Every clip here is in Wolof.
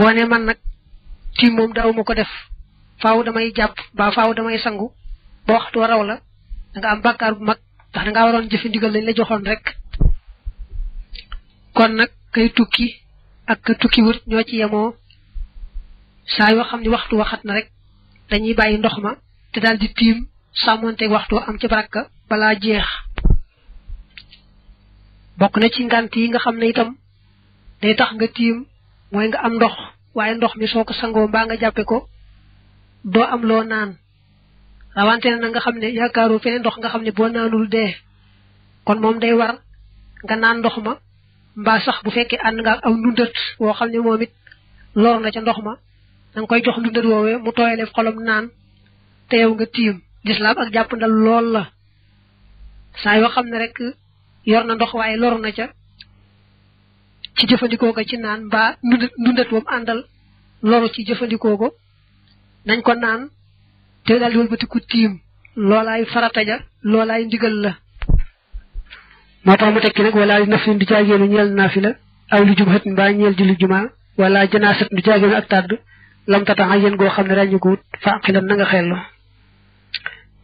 boo ne man nag tiim moom daaw ma ko def faaw damay jàpp ba faaw damay sangu ba waxtu waraw la da nga am bàkkaar bu mag ndax danga ngaa waroon jëfe ndigal lañ la joxoon rek kon nag kay tukki ak ka tukki wut ñoo ci yemoo saa yoo xam ne waxtu waxat na rek dañuy bàyyi ndox ma te daal di tiim sàmmonteeg waxtu am ci baraka balaa jeex bokk na ci ngant yi nga xam ne itam day tax nga tiim mooy nga am ndox waaye ndox mi soo ko sangoo mbaa nga jàppe ko doo am loo naan rawante na nga xam ne yaakaaroo feneen ndox nga xam ne boo naanul dee kon moom day war nga naan ndox ma mbaa sax bu fekkee ànd nga am ndundat woo xam ne moom it lor na ca ndox ma da koy jox ndundat woowee mu tooyaleef xolam naan te yow nga tiim lislaam ak jàpp ndal lool la saa yoo xam ne rek yor na ndox waaye lor na ca ci jëfandikoo ga ci naan mbaa ndundat wam àndal loru ci jëfandikoo ko nañ ko naan te daal di wëlbatiku tiim loolaay farata ja loolaay ndigal la moo tax mu tekki nag wala nafsin du jaagéenu ñeel la aw lu jum xëtin mbaa ñeel julli jumaa wala janaasat du jaagéenu ak tàdd lam a yéen goo xam ne ràññi ko wut fa aqilan na nga xellu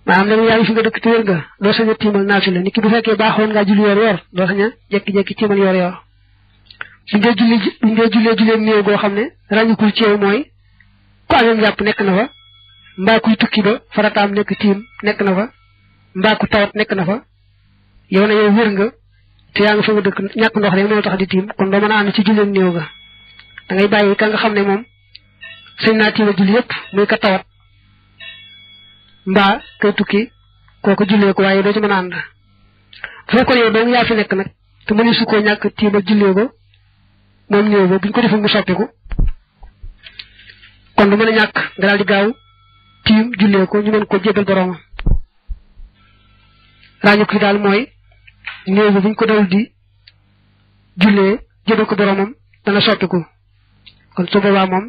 maanaam dama na ngi fi nga dëkk te wér nga doo sañ a tiimal naafila nit ki bu fekkee baaxoon ngaa julli yor yor doo sañ a jekki-jekki tiimal yor yor li ngay julli li ngay jullee jullee néew goo xam ne ràññikul ci yow mooy ku amee jàpp nekk na fa mbaa kuy tukki ba farataam nekk tiim nekk na fa mbaa ku tawat nekk na fa yow na yow dëkk ñàkk ndox rek moo tax di tiim kon doo mën a ci julleen néew ga da nga xam ne moom sëñ naa tiima julli yëpp muy ka tawat mbaa kay tukki kooku jullee ko waaye doo ci mën a ànd foo ko yow dong yaa fi nekk nag te mëni su koo ñàkk tiima jullee ko moom ñëw ba bu ñu ko defee mu soppiku kon du mën a ñàkk nga daal di gaaw tiim jullee ko ñu mën ko jébbal boroomam ràññu ki daal mooy néew bi bu ñu ko dal di jullee jébbal ko boroomam dana soppiku kon su boobaa moom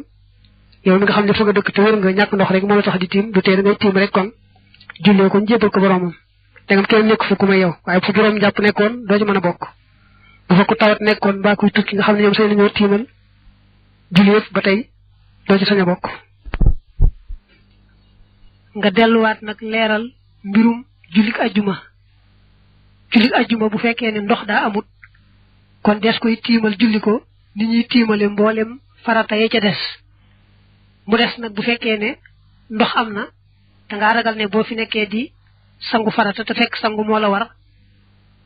yow mi nga xam ne fa nga dëkk te wër nga ñàkk ndox rek moo la tax di tiim du tee da ngay tiim rek kon jullee ko ñu jébbal ko boroomam te nga kenn nekk fu ku may yow waaye bu fa juróom njàpp nekkoon doo ci mën a bokk bu fa tawat nekkoon mbaa kuy tukki nga xam ne ñoom seen ñoo tiimal julli yëpp ba tey doo ci sañ bokk nga delluwaat nag leeral mbirum jullik ajjuma jullik ajjuma bu fekkee ne ndox daa amut kon des koy tiimal julli ko ni ñuy tiimale mboolem farata ya ca des mu des nag bu fekkee ne ndox am na da ngaa ragal ne boo fi nekkee di sangu farata te fekk sangu moo la war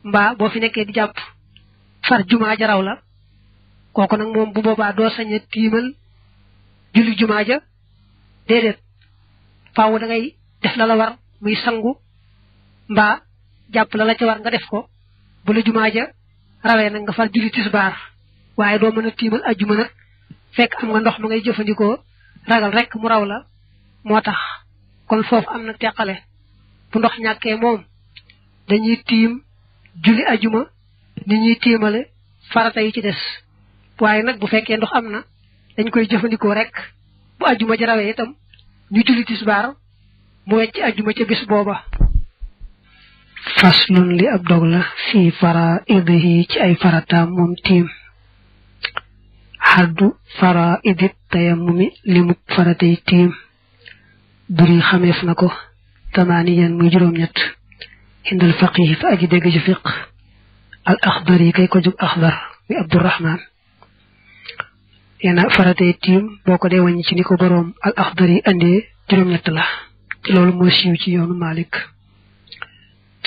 mbaa boo fi nekkee di jàpp far jumaa ja raw la kooku nag moom bu boobaa doo sañ a tiimal julli jumaa ja déedéet faaw da def la la war muy sangu mbaa jàpp la la ca war nga def ko bu la jumaa ja rawee nag nga far julli tisbaar waaye doo mën a tiimal ajjuma nag fekk am nga ndox ma ngay jëfandikoo ragal rek mu raw la moo tax kon foofu am na teqale bu ndox ñàkkee moom dañuy tiim julli ajuma ni ñuy tiimale farata ci des waaye nag bu fekkee ndox am na dañ koy jëfandikoo rek bu ajjuma ji rawee itam ñu julli tisbaar mu wecc ajjuma ca bis booba faslun li ab dog la fii faraidihi ci ay farata moom tiim xaddu faraidi tayammumi limu faratay tiim buri xameef na ko tamaaniyan muy juróom-ñett indal faqih fa aji dégg ci fiq al axdar yi kay ko jug axdar bi abdurahman yeena tiim boo ko dee wàññi ci ni ko boroom al axdar yi andee juróom-ñett la te loolu moo siiw ci yoonu Malik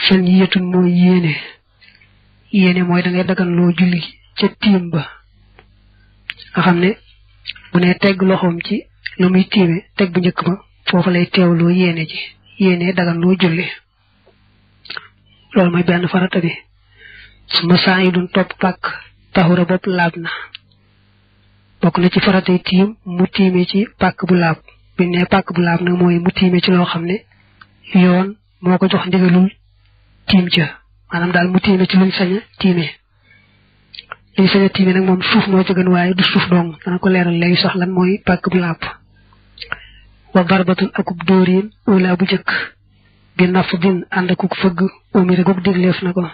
seen yetun mooy yéene yéene mooy da ngay dagan loo julli ca tiim ba nga xam ne bu ne tegg foofu lay teewloo yéene ji yéene dagan loo julli loolu mooy benn farata bi su saa yi dun topp pàkk taxura bopp laab na bokk na ci faratay tiim mu tiime ci pàkk bu laab bi ne pàkk bu laab nag mooy mu tiime ci loo xam ne yoon moo ko jox ndigalul tiim ca maanaam daal mu tiime ci luñ sañ a tiime luñ tiime nag moom suuf moo ci gën waaye du suuf dong dana ko leeral léegi sax lan mooy pàkk bu laab wa barbatun akub dóorin ula bu jëkk bi naf din ànd akuk fëgg umire goog dégleef na ko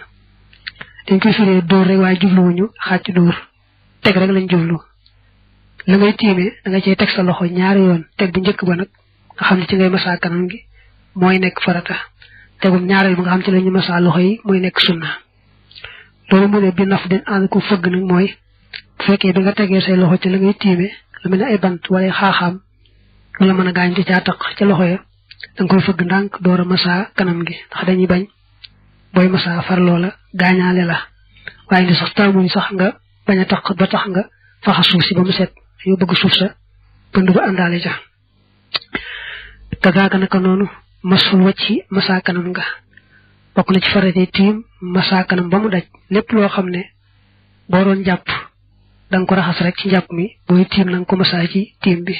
dañ koy firee dóor rek waaye jubluwuñu xàcc dóor teg rek lañ jublu la ngay tiimee da nga cey teg sa loxo ñaari yoon teg bu njëkk ba nag nga xam ne ci ngay masaa kanam gi mooy nekk farata tegum ñaareel bi nga xam ci la masaa loxo yi mooy nekk sunna loolu mu ne bi naf den ànd ko fëgg nag mooy bu fekkee bi nga tegee say loxo ci la ngay tiimee lu mel ne ay bant wala xaaxaam wala mën a gaañ ci caa taq loxo yi da nga koy fëgg ndànk door a masaa kanam gi ndax dañuy bañ booy gaañaale la waaye li sax taamuñ sax nga bañ a taq ba tax nga faxa suuf ba mu set dañoo bëgg suuf sa pënd ba àndaale ja kagaaka naka noonu masul wacci masaakanam nga bokk na ci farate tiim kanam ba mu daj lépp loo xam ne boo doon jàpp danga ko raxas rek ci njàpp mi booy tiim nanga ko masaa ci tiim bi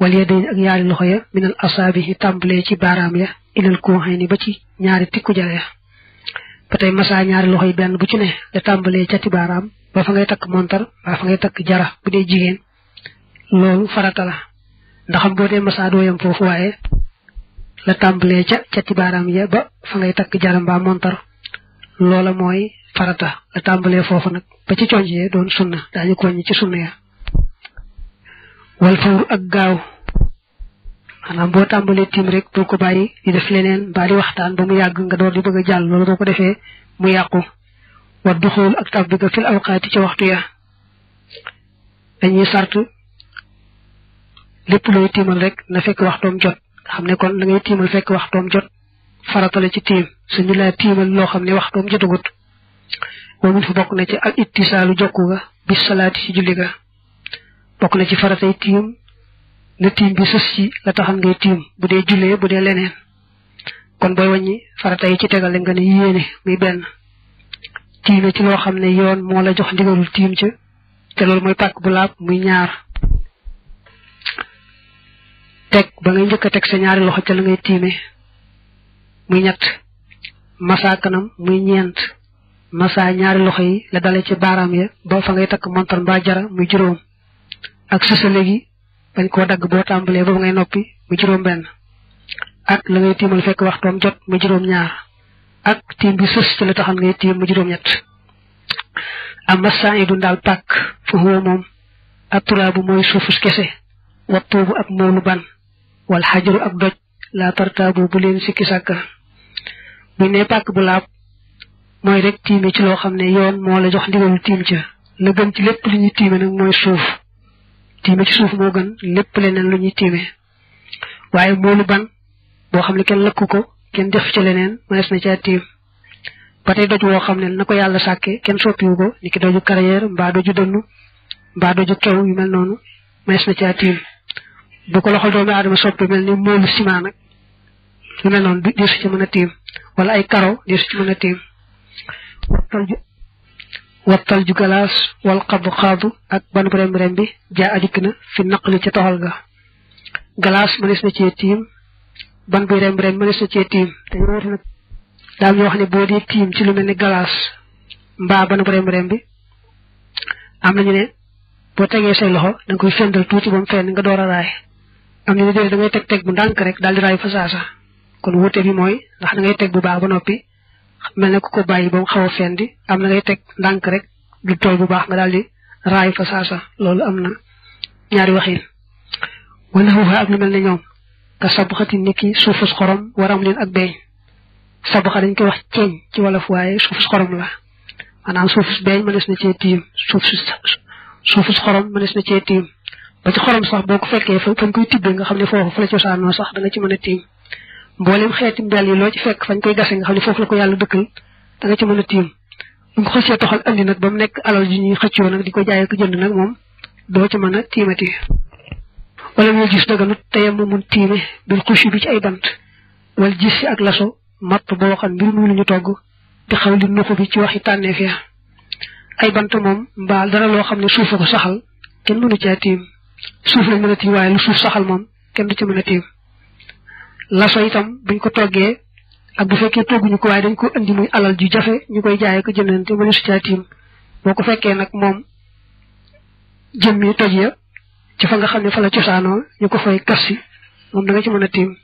wal yadayn ak ñaari loxo ya minal asaabi yi tàmbalee ci baaraam ya ilal kooxay ni ba ci ñaari tikku jara ya ba tey masaa ñaari loxo yi benn bu ci ne da tàmbalee cati baaraam ba fa ngay takk montar ba fa ngay takk jara bu dee jigéen loolu farata la ndaxam boo dee masaa dooyam foofu waaye la tàmbalee ca cati baaraam ya ba fa ngay takk jara mbaa montar loola mooy farata la tàmbalee foofu nag ba ci conj doon sunna daañu ko wàññi ci sunna ya wal fawru ak gaaw maanaam boo tàmbalee tiim rek bul ko bàyyi di def leneen mbaa waxtaan ba mu nga door di bëgg a jàll loolu ko defee mu yàqu wa duxul ak tàbbi ga ca waxtu ya dañuy sart lépp looy tiimal rek na fekk waxtoom jot nga xam ne kon la ngay tiimal fekk waxtoom jot faratale ci tiim suñu laa tiimal loo xam ne waxtoom jotagut moom it fa bokk na ci al ittisaalu jokku ga bis salaati ci julli ga bokk na ci faratay tiim na tiim bi sës ci la taxan ngay tiim bu dee jullee bu dee leneen kon booy wàññi farata yi ci tegale nga ne yéene muy benn tiime ci loo xam ne yoon moo la jox ndigalul tiim ci te loolu mooy pàkk bu laab muy ñaar teg ba ngay njëkk a teg sa ñaari loxo ca la ngay tiime muy ñett massa kanam muy ñeent massa ñaari loxo yi la dale ci baaraam ya ba fa ngay takk montar mbaa jara muy juróom ak sësale gi bañ koo dagg boo tàmbalee boobu ngay noppi mu juróom benn ak la ngay tiimal fekk waxtoom jot mu juróom ñaar ak tiim bi sës ci la taxan ngay tiim mu juróom ñett amma saa yi du ndaal pàkk fu huwa moom atturaabu mooy suufus kese wattuubu ak moolu ban wal xajaru ak doj laa tartaabu bu leen sikki sàkka buñ ne pàkk bu laab mooy rek tiime ci loo xam ne yoon moo la jox ndigalu tiim ca la gën ci lépp li ñuy tiime nag mooy suuf tiime ci suuf moo gën lépp leneen lu ñuy tiime waaye moolu ban boo xam ne kenn lakk ko kenn def ci leneen mënees na caa tiim ba tey doj woo xam ne na ko yàlla sàkke kenn soppiwu ko ni ki doju carrière mbaa doju dënnu mbaa doju kew yu mel noonu mënees na ci tiim bu ko loxol doomu aadama soppi mel ni moolu ciment nag yu mel noonu di su ci mën a tiim wala ay karo di su ci mën a tiim wattal ju galaas wal xabu ak ban bu rem rem bi jaa adikk na fi naqli ca toxal ga galaas mënees na cee tiim ban buy rem rem mënees na cee tiim te woote nag daam ñoo wax ne boo tiim ci lu mel ni galaas mbaa ban bu rem bi am nañu ne boo tegee say loxo da nga koy fendal tuuti ba mu fenn nga am na ne déedéet da ngay teg teg bu ndànk rek daal di raay fa saasa kon wuute bi mooy ndax da ngay teg bu baax ba noppi mel ne ku ko bàyyi ba mu xaw a fendi am na ngay teg ndànk rek du tool bu baax nga daal di raay fa saasa loolu am na ñaari waxin wana xuuxa ak ñu mel ne ñoom nga sabuxati ni ki suufus xorom waram leen ak beeñ sabuxa dañ koy wax ceeñ ci wolof waaye suufus xorom la maanaam suufus beeñ mënees na cee tiim suufus suufus xorom mënees na cee tiim ba ci xorom sax boo ko fekkee fañ koy tibbee nga xam ne foo fa la cosaanoo sax da nga ci mën a mboolem xeeti mbel yi loo ci fekk fañ koy gase nga xam ne foofu la ko yàlla dëkkal da nga ci mën a tiim bu ñu ko toxal andi nag ba mu nekk alal ji ñuy xëccoo nag ko jaay ak jënd nag moom doo ci mën a tiimati wala muy gis daganut teyam mu mun tiime bil xushi ci ay bant wala gis ak laso matt boo xam mbir mu togg di xaw li nuxu bi ci waxi tànnee fi ay bant moom mbaa dara loo xam ne suufa ko kenn mënu caa tiim suuf lañ mën a tiim waaye lu suuf saxal moom kenn du ci mën a tiim laso itam buñ ko toggee ak bu fekkee togguñu ko waaye dañ ko indi muy alal ju jafe ñu koy jaayee ko jëndante ba ne tiim boo ko fekkee nag moom jëmmi toj ya ci fa nga xam ne fa cosaanoo ñu ko fay gas moom da nga ci mën a tiim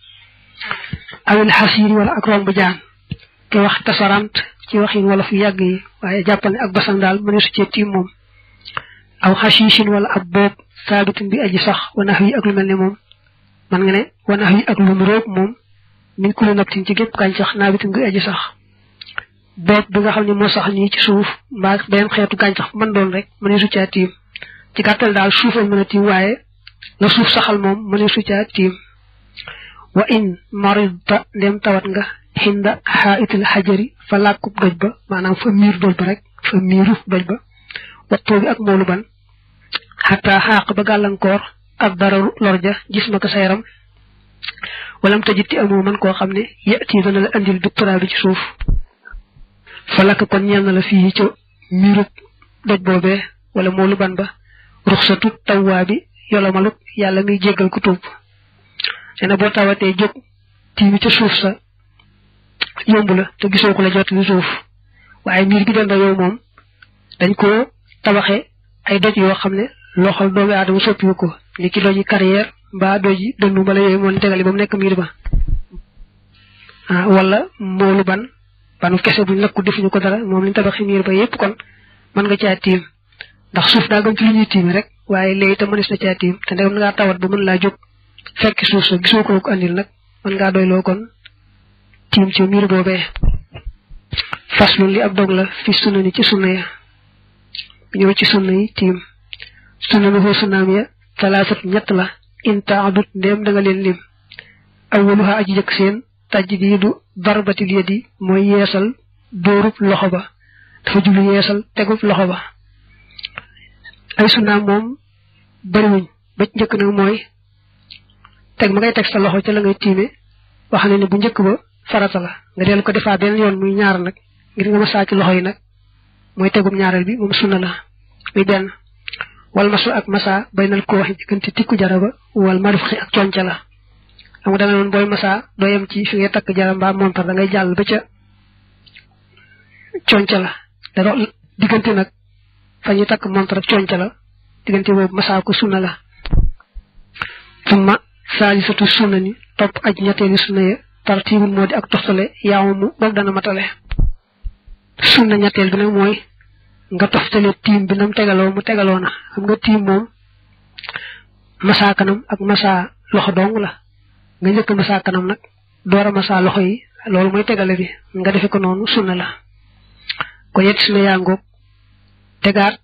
awil xasiir wala ak romb jaan te wax tasarant ci waxin wala fu yàgg yi waaye jàppale ne ak basan daal mëne su cee tiim moom aw xasiisin wala ab boob saabitin bi aji sax wa nax yi ak lu mel ne moom man nga ne wanax yi ak lum roog moom min ku la nabtin ci gépp gàncax naabitin gi aji sax boob bi nga xam ne moo sax nii ci suuf mbaa beneen xeetu gàncax man doon rek mëne su caa tiim ci gàttal daal suuf ak mën a tiim waaye la suuf saxal moom mëne su caa tiim wa in tawat nga xinda xaitil xajari fa ba maanaam fa miir doj ba rek fa miiru ak moolu ban xataa xaq ba gàllankoor ak dararu lor ja gis ma ko sa yaram walam tajit ti amoo mën koo xam ne yati dana la andil doctorat bi ci suuf fa lakk kon ñeel na la fii ca miirub doj boobee wala moolu ban ba ruxsatu tawwaa bi yolomaluk yàlla miy jéggal ku tuub nee na boo tawatee jóg tiimi ca suuf sa yomb la te gisoo ko la jot li suuf waaye miir gi denda yow moom dañ koo tabaxe ay doj yoo xam ne loo loxol doomi aadama soppiwu ko ni ki doji carrière mbaa doji dënnu bala yooyu moon tegale ba mu nekk miir ba ah, wala mboolu ban banu kese buñ lakku defuñu ko dara moom lañ tabaxi miir ba yépp kon mën nga caa tiim ndax suuf daa gën ci lu ñuy tiim rek waaye léegi te mënees na caa tiim te ndegam na tawat ba laa jóg fekk suuf sa gisoo ko ko nag mën ngaa doyloo kon tiim ci miir li ab dog la fi sunna ni ci sunna ya ñëw ci sunanahu sunaam ya talaasat ñett la inta adut ndéem da nga leen lim awaluha aji jëkk seen tajdiidu darbatil yadi mooy yeesal dóorub loxo ba dafa jublu yeesal tegub loxo ba ay sunaam moom bariwuñ ba ci mooy teg ma ngay teg sa loxo ca la ngay wax ne ne bu njëkk ba farata la nga dellu ko defaa benn yoon muy ñaar nag ngir nga ma loxo yi nag mooy tegum ñaareel bi moom sunna la muy wal masu ak masa baynal ko waxi diggante tikku jaraba wal marufxi ak conca la xam nga da booy masa doo yem ci fi nga takk jara mbaa montar da ngay jàll ba ca conca la da diggante nag fa ñu takk montar ak conca la diggante boobu masa ko sunna la summa saalisatu sunna ni topp aj ñetteelu sunna ya tartibul moo di ak toxtale yaamu boog dana matale sunna ñetteel bi nag mooy nga toftale tiim bi nam tegaloo mu tegaloo na xam nga tiim moom masaa kanam ak masaa loxo dong la nga njëkk masaa kanam nag door a masaa loxo yi loolu mooy tegale bi nga defe ko noonu sunna la ko yet sunna yaa ngoog tegaat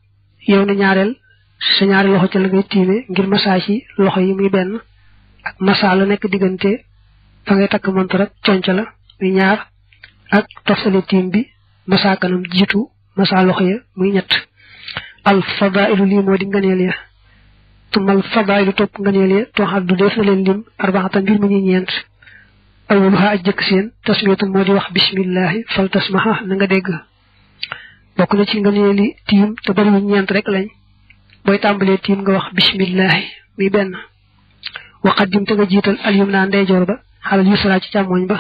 yow na ñaareel sa ñaari loxo ca la ngay tiime ngir masaa ci loxo yi muy benn ak masaa la nekk diggante fa ngay takk montor ak conc la muy ñaar ak toftale tiim bi masaa kanam jiitu masa loxo ya muy ñett al fadailu lii moo di nganeel ya tumal fadailu topp nganeel ya tooxaat du def na leen lim arbaxata mbir mi ñuy ñeent awwaluha aj jëkk seen tasmiyatun moo di wax bismillahi fal tasmaha na nga dégg bokk na ci nganeeli tiim te ñeent rek lañ booy tàmbalee tiim nga wax bismillahi muy benn waqaddim te nga jiital alyum naa ndeyjoor ba xalal yusra ci càmmoñ ba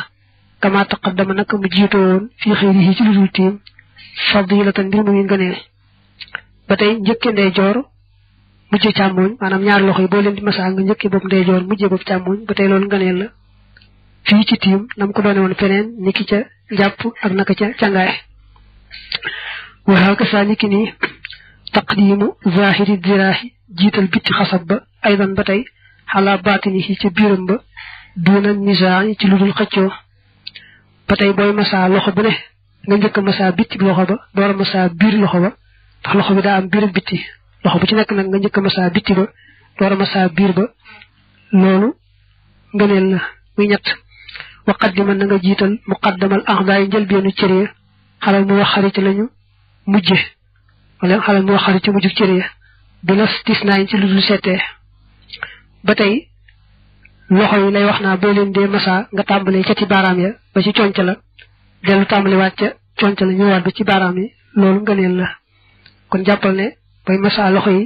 kama taqaddama naka mu jiitoo woon fii xëyri yi tiim fadilatan mbir muy ngëneel ba tey njëkki ndeyjoor mujj càmmooñ maanaam ñaar loxo yi boo leen di masaa nga njëkki bopp ndeyjoor mujjee bopp càmmooñ ba tey loolu ngëneel la fii ci tiim nam ko doone woon feneen niki ca jàpp ak naka ca càngaay waxaa kasaa niki nii taqdimu zahiri diraahi jiital bitti xasab ba aydan ba tey xalaa baatini ca biiram ba duuna nisaa ci lu dul xëccoo ba tey booy masaa loxo bu ne nga njëkk a masaa bitti bi loxo ba door a masaa biir loxo ba ndax loxo bi daa am biir ak bitti loxo bu ci nekk nag nga njëkk a masaa bitti ba door a masaa biir ba loolu ngëneel la muy ñett waqaddima na nga jiital muqaddamal axdaay njëlbeenu cëree xalal mu wax xarit lañu mujje wala xalal mu wax xarit mujju cëree bi la tis naañ ci lu dul seetee ba tey loxo yi lay wax naa boo leen dee masaa nga tàmbalee ca ci baaraam ya ba ci conc la dellu tàmbali waat ca conca la ñëwaat ba ci baaraam yi loolu nga la kon jàppal ne booy masaa loxo yi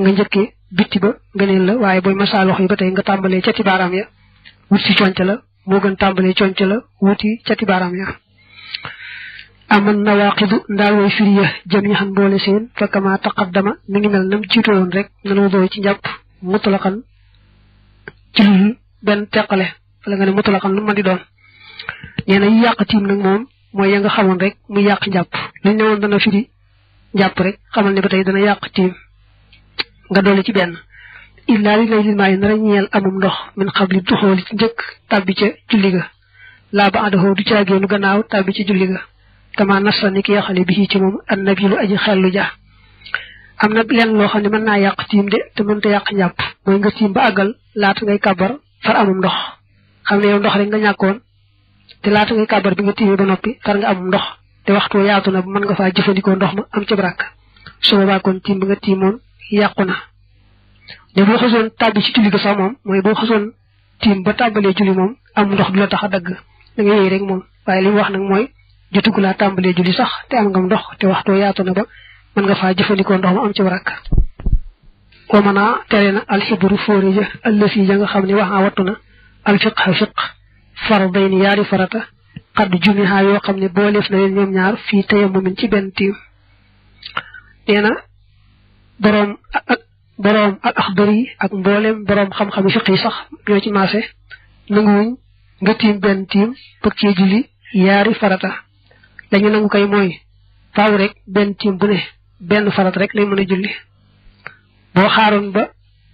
nga njëkkee bitti ba ngëneel la waaye booy masaa loxo yi ba tey nga tàmbalee cati baaraam ya wut si conca la moo gën tàmbalee conca la wuti cati baaraam ya aman nawaaqidu ndaal way firi ya jamihan boole seen fakkama taqaddama mi ngi mel nam jiitoo woon rek nana dooy ci njàpp mutlaqan ci lul benn teqale wala nga ne mutlaqan lu mën di doon nee na yi yàq tiim nag moom mooy ya nga xamoon rek muy yàq njàpp luñ ne woon dana firi njàpp rek xamal ne ba tey dana yàq tiim nga dolli ci benn illaa li lay limaa yi nara ñeel amum ndox min xam li duxooli ci njëkk tàbbi ca julli ga laa ba àndaxoo du caagéenu gannaaw tàbbi ca julli ga dama nasta ni ki yaxale bi ci moom an nabi lu aji xellu ja am na lenn loo xam ne mën naa yàq tiim de te mënta yàq njàpp mooy nga tiim ba àggal laata ngay kàbbar far amum ndox xam ne yow ndox rek nga ñàkkoon te laata ngay kàbbar bi nga tiimee ba noppi tar nga am ndox te waxtu yaatu na mën nga faa jëfandikoo ndox ma am ca brak su boobaa kon tiim bi nga tiimoon yàqu na ne boo xasoon tàbbi ci ba tàmbalee julli moom am ndox du tax a dagg da nga rek moom waaye li mu wax nag mooy jotugu laa tàmbalee julli sax te am nga ndox te waxtu yaatu na ba mën nga faa jëfandikoo ndox ma am ca brak wa mën a tere na alxibru fóore ja allësi ja nga xam ne wax a wattu na alfiq fiq fardayni yaari farata xadd jumiha yoo xam ne booleef na leen ñoom ñaar fii tayammumin ci benn tiim nee na boroom ak boroom ak axdar yi ak mbooleem boroom xam-xam yi fiq yi sax ñoo ci maase nanguwuñ nga tiim benn tiim bëgg cee julli yaari farata lañu nangu kay mooy faaw rek benn tiim bu ne benn farata rek lay mën a julli boo xaaroon ba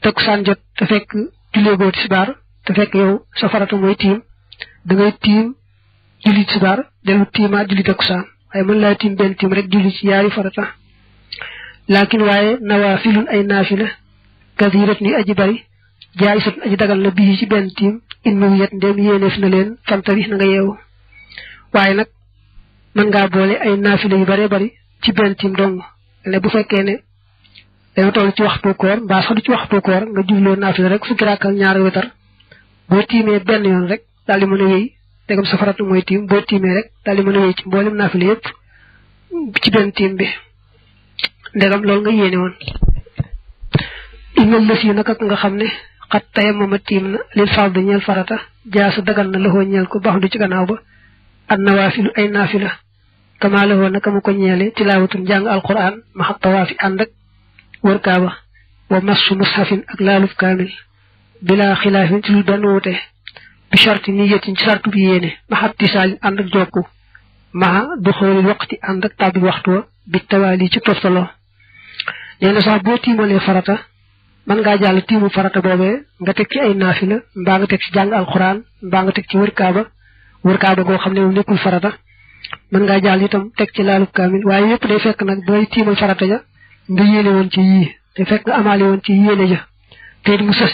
takkusaan jot te fekk jullee boo tisbaar te fekk yow sa farata mooy tiim da ngay tiim julli tisbaar dellu tiimaat julli takkusaan waaye mën laa tiim benn tiim rek julli ci yaari farata laakin waaye nawaafilun ay naafila kasiirat ni aji bari jaayisatun aji dagal na bii ci benn tiim innu yet ndem yéeneef na leen fanta bi na nga yeewu waaye nag mën ngaa boole ay naafila yu baree bari ci benn tiim dong ne bu fekkee ne dañoo toll ci waxtu koor mbaa sax du ci waxtu koor nga jubloo naafila rek fukki raak ak ñaari wetar boo tiimee benn rek daal di mën a wéy tegam sa faratu mooy tiim boo tiimee rek daal di mën a wéy ci mboolem naafile yëpp ci benn tiim bi ndegam loolu nga yéene woon innal lësi nag ak nga xam ne xat taya mooma tiim na lil fardu ñeel farata jaasu dagal na loxoo ñeel ko baax du ci gannaaw ba an nawaafilu ay naafila kama loxoo naka mu ko ñeele ak wër kaaba kaamil bila xilaafin ci lu benn wute bi sharti niyatin ci sart bi yéene maxa tisaalin ànd ak jokku maxa du xoolil waqti ànd ak tàbbi waxtu wa bi tawaali ci toftaloo nee na sax boo tiimalee farata mën ngaa jàll tiimu farata boobee nga teg ci ay naafila mbaa nga teg ci jàll alxuraan mbaa nga teg ci wër kaaba wër kaaba goo xam ne moom nekkul farata mën ngaa jàll itam teg ci laalub kaamil waaye yëpp day fekk nag booy tiimal farata ja nga yéene woon ci yii te fekk nga amaale woon ci yéene ja te mu sës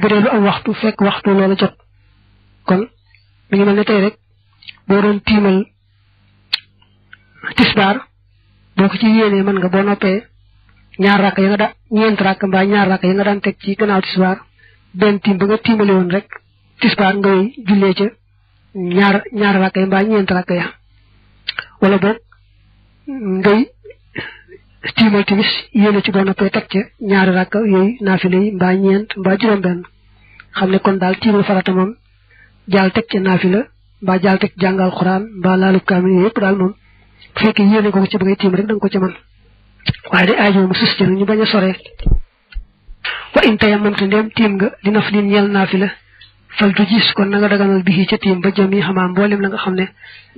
te bu am waxtu fekk waxtu loola jot kon mi ngi mel ne tey rek boo doon tiimal tisbaar boo ko ci yéenee mën nga boo noppee ñaar rakk ya nga daan ñeent rakk mbaa ñaar rakk daan teg ci gannaaw tisbaar benn tiim ba nga tiimale woon rek tisbaar ngay jullee ca ñaar ñaar rakk ya mbaa ñeent rakk ya wala boog ngay tiimal timis yéene ci doon na koy teg ca ñaari rakk yooyu naafile yi mbaa ñeent ba juróom-benn xam ne kon daal tiimal farata moom jaal teg ca naafila mbaa jaal teg jàngal xuraan mbaa laalu kaamil yooyu yëpp daal moom bu fekkee yéene ko ca ba ngay tiim rek da ko ca mën waaye day aajo mu sus ci nag ñu bañ a soree wa in tayammamta ndéem tiim nga li naf lin ñeel naafila fal tu gis kon na nga daganal bi ci ca tiim ba jëm yi xamaam la nga xam ne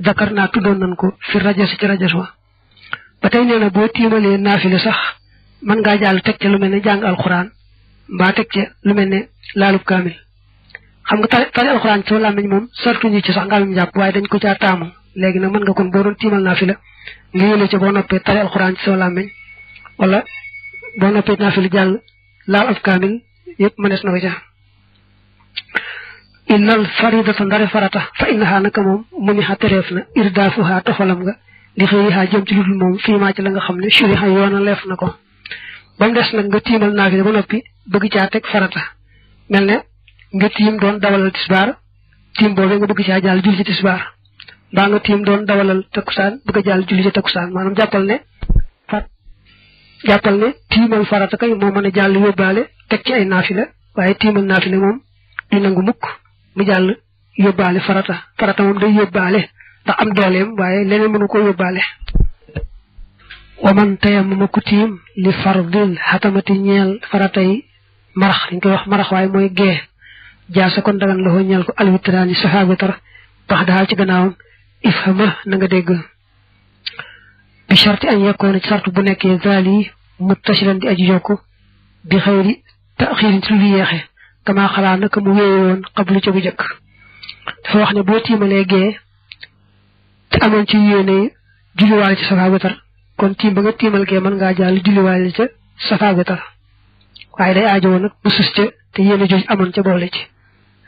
dakar naa tuddoon nan ko fi rajas ci rajas wa ba tey nee na boo tiimalee naafila sax mën ngaa jàll teg ca lu mel ne jàng alxuraan mbaa teg ca lu mel ne laalub kaamil xam nga tari tari alxuraan ci làmmiñ moom sartuñu ci sax ngàllum jàpp waaye dañ ko caa taamu léegi nag mën nga kon boo doon tiimal naafila nga yële ca noppee tari alxuraan ci sa wala boo noppee naafila jàll laal ab kaamil yëpp mënees na ko ca innal faridata ndare farata fa innaha naka moom mu xa tereef na irdaafuha toxalam nga li xëy ha jëm ci dul moom fii maa la nga xam ne shuriha yoona leef na ko ba mu des nag nga tiimal naafila ba noppi bëgg caa teg farata mel ne nga tiim doon dawalal tisbaar tiim boobee nga bëgg caa jàll julli ci tisbaar mbaa nga tiim doon dawalal takkusaan bëgg a jàll julli ci takkusaan maanaam jàppal ne far jàppal ne tiimal farata kay moo mën a jàll yóbbaale teg ci ay naafila waaye tiimal naafila moom du nangu mukk mu jàll yóbbaale farata farata moom day yóbbaale ndax am dooleem waaye leneen mënu ko yóbbaale waman tayam ma ko tiim li fardil xatamati ñeel faratay marax li ñu koy wax marax waaye mooy gee jaasa kon dagan loxo ñeel ko alwitraani safa witar bax ci gannaawam ifhama na nga dégg bi sharti an yekkoona ci sart bu nekkee zaal yi muttasilan di aji yokk bi xëyri taxiirin ci lu yeexe kamaa xalaa naka mu wéyoon xablu ca bu jëkk dafa wax ne boo tiimalee gee te amoon ci yéene julliwaale ci safa witar kon tiim ba nga tiimal gee mën ngaa jàll julliwaale ca safa witar waaye day aajowoo nag bu sus ca te yéene jooju amoon ca boole ci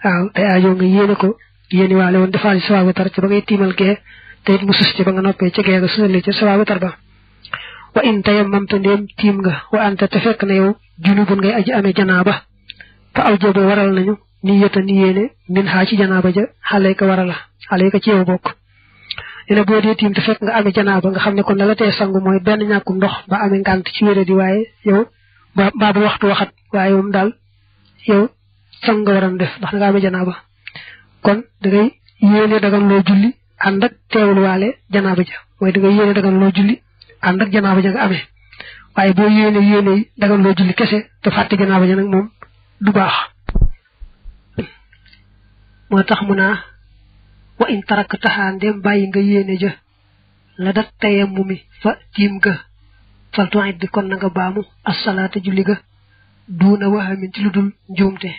waaw day aajowoo nga yéene ko yéene waale woon defaale safa witar ca ba ngay tiimal gee te it mu ca ba nga noppee ca gee nga susalee ca safa ba wa in tayammamta ndéem tiim nga wa anta te fekk na yow junubun ngay aji amee janaaba fa aw jaba waral nañu ni yota ni yéene min xaa ci janaaba ja nee na boo dee tiim te fekk nga amee janaaba nga xam ne kon la la tee sangu mooy benn ñàkkum ndox ba amee ngànt ci wéradi waaye yow mbaa bu waxtu waxat waaye moom daal yow sang nga waroon def ndax da nga amee janaaba kon da ngay yéene dagan loo julli ànd ak teewul waale janaaba ja mooy da ngay yéene dagan loo nga amee waaye boo yéene yéene dagan loo julli kese te fàtte janaaba ja nag moom du baax moo tax mu wa in tarak taxaa ndem nga yéene jë la dat tayammu mi fa tiim ga fal tu'id kon na nga baamu assalaata julli ga duuna wahamin ci lu dul njuumte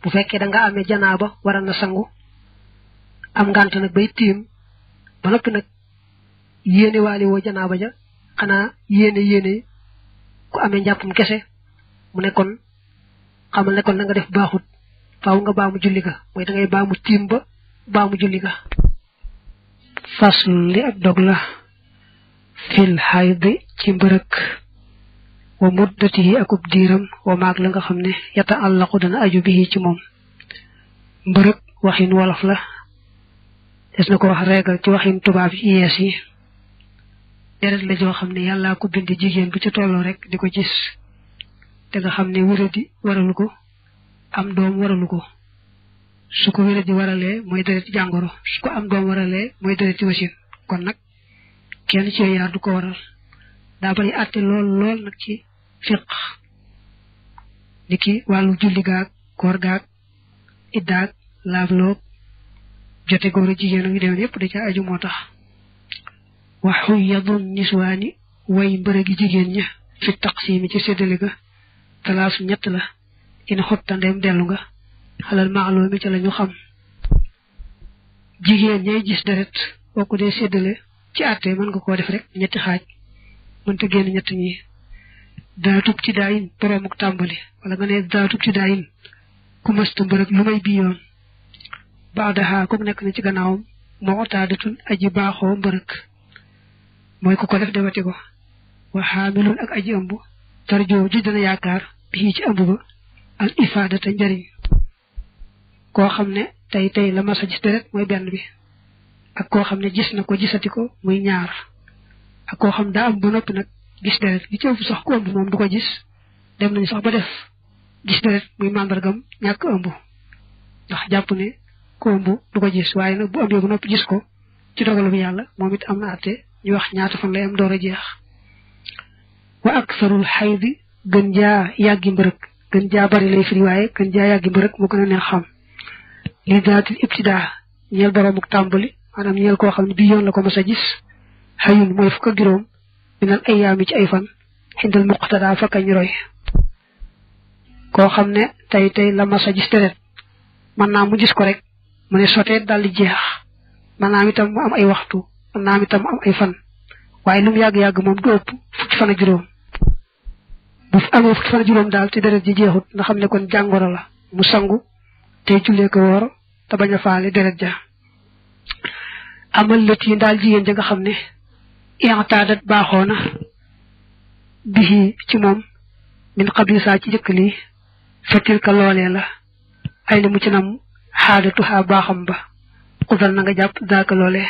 bu fekkee da nga amee janaaba war a na sangu am ngànt nag bay tiim ba noppi nag yéene waali woo janaaba ja xanaa yéene yéene ku amee njàppum kese mu nekkoon xamal nekkoon na nga def baaxut faaw nga baamu julli ga mooy da ngay baamu tiim ba baamu julli ga faslu li ab dog la fil xaydi ci mbërëk wa muddatihi akub diiram wa maag la nga xam ne yata àllaqu dana aju bihi ci moom mbërëk waxin wolof la des na ko wax reegal ci waxin tubaab yi yees yi deret la joo xam ne yàllaa ko bind jigéen bu ci tolloo rek di ko gis te nga xam ne wéradi waralu ko am doom waralu ko su ko wéradi waralee mooy dereti jàngoro su ko am doom waralee mooy dereti wasin kon nag kenn ci yaar du ko waral daa bari àtte lool lool nag ci fiq ni ki wàllu julli gaag koor gaag iddaag laabloog jote góor ak jigéen yu demee yépp da ca aju moo tax waxu yadun niswaani way mbërëgi jigéen ña fi taqsimi ci séddale ga talaasu ñett la in xutta ndem dellu nga xalal maalum mi ci la ñu xam jigéen ñay gis deret boo ko dee séddale ci àtte mën nga koo def rek ñetti xaaj mënta génn ñett ñi daatub ci daayin boroomuk tàmbali wala nga ne daatub ci daayin ku mësta mbërëg lu may bi yoon baadaha ku nekk na ci gannaawam moo otaadatun aji baaxoo mbërëg mooy ku ko def dewati ko wa xaamilun ak aji ëmb tarjoo ju dana yaakaar bii ci ëmb ba al ifaadata njariñ koo xam ne tey tey la mas a gis deret mooy benn bi ak koo xam ne gis na ko gisati ko muy ñaar ak koo xam daa am ba noppi nag gis deret li ci ëpp sax ku ëmb moom du ko gis dem nañu sax ba def gis deret muy màndargam ñàkk ëmb ndax jàpp ne ku ëmb du ko gis waaye nag bu ëmbee ba noppi gis ko ci dogalu bi yàlla moom it am na àtte ñu wax ñaata fan lay am door a jeex wa aksarul xaydi gën jaa yàggi mbërëg gën jaa bari lay firi waaye gën jaa yàggi mbërëg mu a li daatil ibtidaa ñeel boroomuk tàmbali maanaam ñeel koo xam ne bii yoon la ko mos a gis xayun mooy fukk ak juróom minal ayaami ci ay fan xindal muqtadaa fakk ñu roy koo xam ne tey tey la mos deret mën naa mu gis ko rek mu ne sotee daal di jeex man naa itam mu am ay waxtu mën naa itam mu am ay fan waaye lu yàgg-yàgg moom du ëpp fukki fan ak juróom bu amee fukki fan ak juróom daal ci deret ji jeexut nga xam ne kon jàngoro la mu sangu tey jullee ko woor te bañ a faale deret ja amal lët yi daal jigéen ja nga xam ne intaadat baaxoo na bihi ci moom min xabisaa ci jëkk li fatil ka loolee la ay la mu ci nam xaadatuha baaxam ba xudal na nga jàpp daaka loolee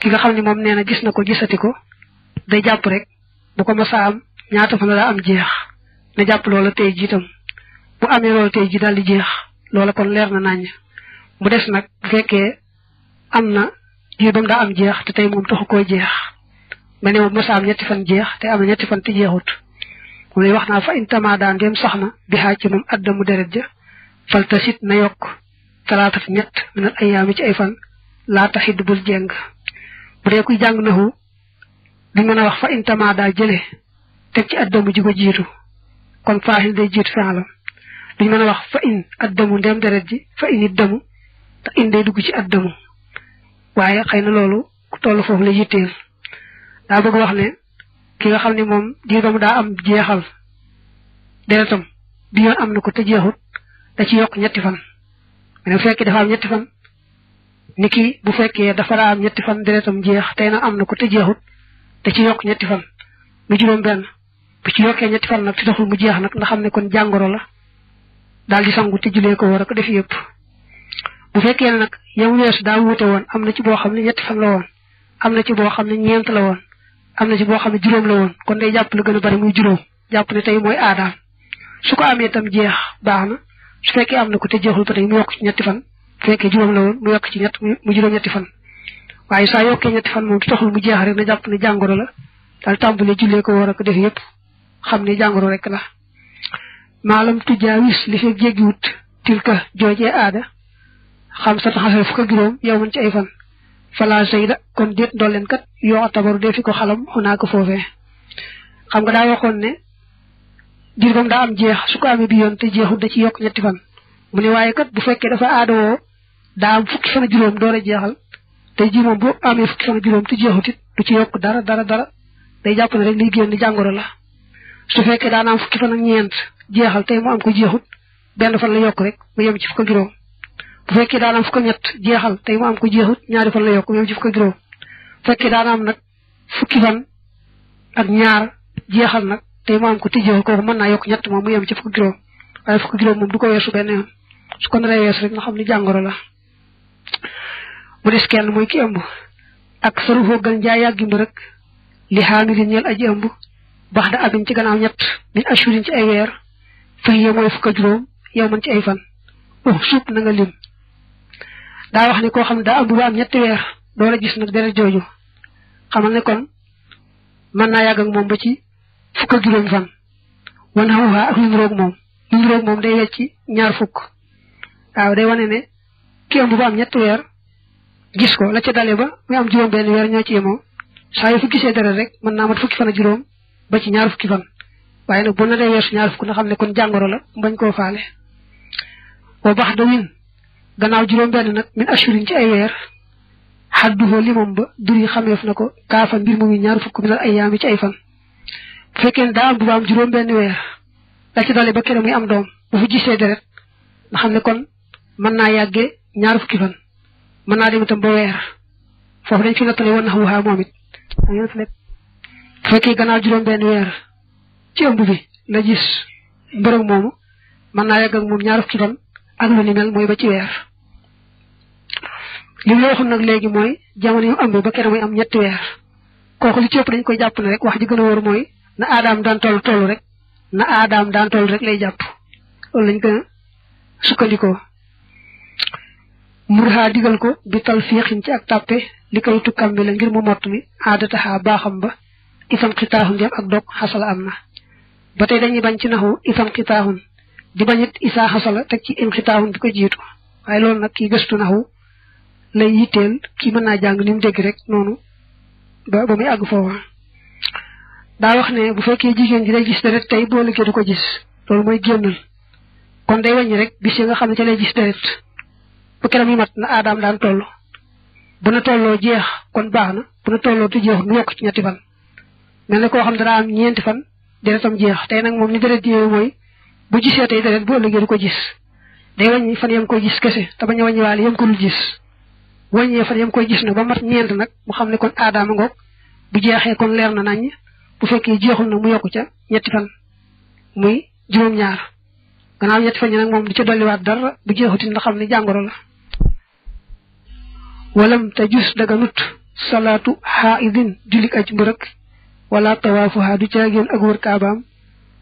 ki nga xam ne moom nee na gis na ko gisati ko day jàpp rek boo ko masa am ñaata fan la daa am jeex na jàpp loola tey jiitam bu amee loola tey ji daal di jeex loola kon leer na naññ mu des nag bu fekkee am na jiw ba mu daa am jeex te tey moom taxu koo jeex ma ne moom mos ñetti fan jeex te am na ñetti fan te jeexut mu ne wax naa fa intamaa daan dem sax na bi xaaj ci moom addamu deret ja faltasit na yokk talaatati ñett ci ay fan laa taxit bul jeng bu jàng naxu di a wax fa intamaa daa jële teg ci addamu ji ko jiitu kon faaxil day jiitu fenlam dañ mën wax fa in addamu ndem deret ji fa in iddamu te in day dugg ci addamu waaye xëy na loolu ku toll foofu la yitteel daa bëgg wax ne ki nga xam ne moom diiram daa am jeexal deretam bi yoon am na ko te jeexut da ci yokk ñetti fan mais bu fekkee ñetti fan ni bu fekkee dafa daa am ñetti fan deretam jeex tey na am na ko te da ci yokk ñetti fan mu juróom benn bu ci yokkee ñetti fan nag te taxul mu jeex nag nga xam ne kon jàngoro la daal di sangu te julee ko war a ko def yëpp bu fekkee nag yam weesu daa wuute woon am na ci boo xam ne ñetti fan la woon am na ci boo xam ne ñeent la woon am na ci boo xam ne juróom la kon day jàpp lu gën a bari muy juróom jàpp ne tey mooy aadaam su ko amee itam jeex baax na su am na ko te jeexul ba tey mu yokk ci ñetti fan bu fekkee juróom la woon mu yokk ci ñett mu juróom ñetti fan waaye saa yokkee ñetti fan moom du taxul mu jeex rek na jàpp ni jàngoro la daal tàmbalee jullee ko war a ko def yëpp xam ne jàngoro rek la maalam tujaawis li fekk ka tilka joojee aada xam sa taxasee fukk juróom yow man ci ay fan fala sayda kon déet ndolleen kat yoo tabaru dee fi ko xalam xunaa ko foofee xam nga daa waxoon ne diir bam daa am jeex su ko amee bi yoon te jeexut da ci yokk ñetti fan mu ne bu fekkee dafa aadawoo daa am fukki jeexal te ji moom juróom te jeexut ci yokk dara dara dara day jàpp ne rek liy génn jàngoro la su fekkee daan am fukki fan ñeent jeexal te mu am ko jeexut benn fan la yokk rek mu yem ci fukk ak bu fekkee daan am ñett jeexal te mu am ko jeexut ñaari fan la yokk mu yem ci fukk ak juróom bu nag fukki fan ak ñaar jeexal nag tey mu am ko tijjeexal kooku mën naa yokk ñett moom mu yem ci fukk ak juróom waaye fukk ak juróom moom du ko weesu benn yoon su ko naree weesu rek nga xam ne jàngoro la mu des kenn mooy ki ëmb ak saru xoogal njaay yàggimb rek li xaamilin ñeel aji ëmb bax da abin ci gannaaw ñett ci ay weer fahiya mooy fukk ak juróom yow man ci ay fan oh suub na nga lim daa wax ne koo xam ne daa am bu am ñetti weer door a gis nag deret jooju xamal ne kon mën naa yàgg ak moom ba ci fukk ak juróom fan wan xawuxaa ak lu nuroog moom lu nuroog moom day wecci ñaar fukk waaw day wane ne ki am bu am ñetti weer gis ko la ca dale ba muy am juróom benn weer ñoo ci yemoo saa yu fu gisee deret rek mën naa mat fukki fan ak juróom ba ci ñaar fukki fan waaye nag bu naree weesu ñaar fukk na xam ne kon jàngoro la bañ koo faale wa bax da win gannaaw juróom benn nag min ashurin ci ay weer xadduhoo limam ba duri xameef na ko kaafa mbir mu ñaar fukk minal ayyaami ci ay am bu ba am juróom benn weer la ci am doom bu fi gisee deret xam ne kon mën naa yàggee ñaar fukki fan mën naa dem itam ba weer foofu dañ fi nattale woon na xam waxaa moom bu fekkee gannaaw juróom benn weer ci ëmb bi la gis mbërëg moomu mën naa yàgg ak moom ñaar fukki fan ak lu ni mel mooy ba ci weer li mu nag léegi mooy jamono yu ëmb ba kenn muy am ñetti weer kooku li ci ëpp dañ koy jàpp ne rek wax ji gën a mooy na aadaam daan toll toll rek na aadaam daan toll rek lay jàpp loolu lañ gën a sukkandikoo murhaa digal ko bi tal fiixin ci ak tàppe li koy tukkam bi la ngir mu mott mi aadataxaa baaxam ba itam xitaaxu ndem ak dog xasala am na ba tey dañuy bañ ci naxu itam xitaahun di bañit isaa xasala teg ci im xitaahun bi ko jiitu waaye loolu nag kii gëstu naxu lay yitteel kii mën naa jàng ni mu rek noonu ba ba muy àgg foofa daa wax ne bu fekkee jigéen ji day gis deret boo liggéey du ko gis loolu mooy génnal kon day wàññi rek bis yi nga xam ne ca lay gis deret bu keram yi mat na aadaam daan toll bu na tolloo jeex kon baax na bu na tolloo du jeex nu yokk ci ñetti fan mel ne koo xam ne am ñeenti fan deretam jeex tey nag moom ni deret yooyu mooy bu gisee tey deret boo ëllëgee du ko gis day wàññi fan yam koy gis kese te bañ a wàññi ko dul gis wàññee fan yam gis na ba mat ñeent nag mu xam ne kon aadaama ngoog bu jeexee kon leer na naññ bu fekkee jeexul na mu yokku ca ñetti fan muy juróom-ñaar gannaaw ñetti fan yi nag moom du ca dolliwaat dara bu jeexutin nga xam ne jàngoro la walam te jus daganut salaatu xaa idin aj mbërëk wala tawaafuha du caageen ak wër kaabaam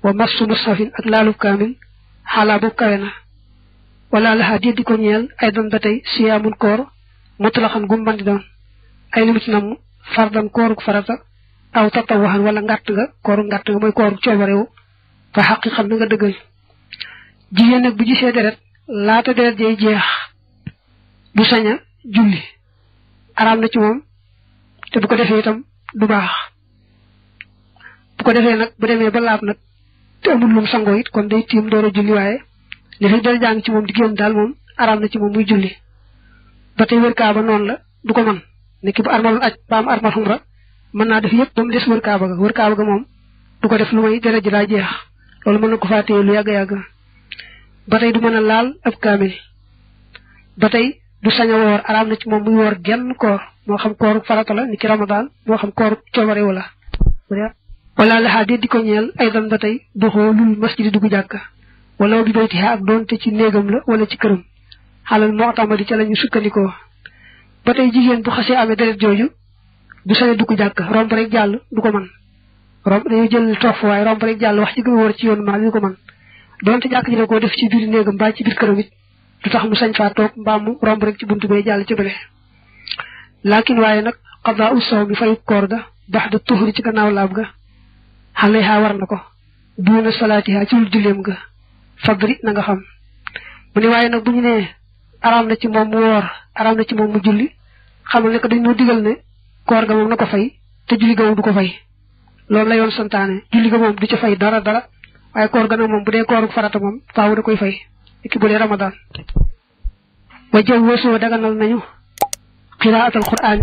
wa massu mushafin ak laalub kaamil xalaa bu kawe na wala laxaa déet di ko ñeel ay dan ba tey siyaamun koor mutlaxan gu mën di doon ay limu nam fardan kooru farata aw tatawaxan wala ngàtt nga kooru ngàtt nga mooy kooru coobarewu fa xaqiqan na nga dëggal jigéen nag bu gisee deret laata deret jay jeex bu saña julli araam na ci moom te bu ko defee itam du baax bu ko defee nag bu demee ba laab nag te amul lum sangoo it kon day tiim door a julli waaye li fi ci moom di génn daal moom araam na ci moom muy julli ba tey wër kaaba noonu la du ko mën nekk bu armaloon aj ba am armal xumra mën naa def yëpp ba mu des wër kaaba ga wër kaaba ga moom du ko def lu may dara ji laa jeex loolu mën na ko fàttee lu yàgg yàgg ba tey du mën a laal ab kaamil ba tey du sañ woor araam na ci moom muy woor genn koor moo xam kooru farata la ni ki ramadan moo xam kooru coobarewu la wala laxaa dee di ko ñeel ay dan ba tey doxoolul masjidi dugg jàkka wala bi baytiha ak doonte ci néegam la wala ci këram xalal mootamadi ca la ñu sukkandikoo ba tey jigéen bu xasee amee deret jooju du sañe dugg jàkka romb rek jàll du ko mën romb dañuy jël tof waaye romb rek jàll wax ci gën a wër ci yoon maa du ko mën doonte jàkk ji la koo def ci biir néegam mbaa ci biir këram it du tax mu sañ faa toog mbaam mu romb rek ci buntu bee jàll ci bële laakin waaye nag xadaa u sawm bi fayu koor ga baax da tuxuri ci gannaaw laab ga xaleha war na ko duuna salaatiha ci lu julleem nga fadri na nga xam mu ne waaye nag bu ñu nee araam na ci moom mu woor araam na ci moom mu julli xamal ne ko dañ noo digal ne koor ga moom na ko fay te julli ga moom du ko fay loolu la santaane julli ga moom du ci fay dara dara waaye koor ga nag moom bu dee kooru farata moom faaw da koy fay ki bu dee ramadaan wa jëw wasoo daganal nañu qiraatal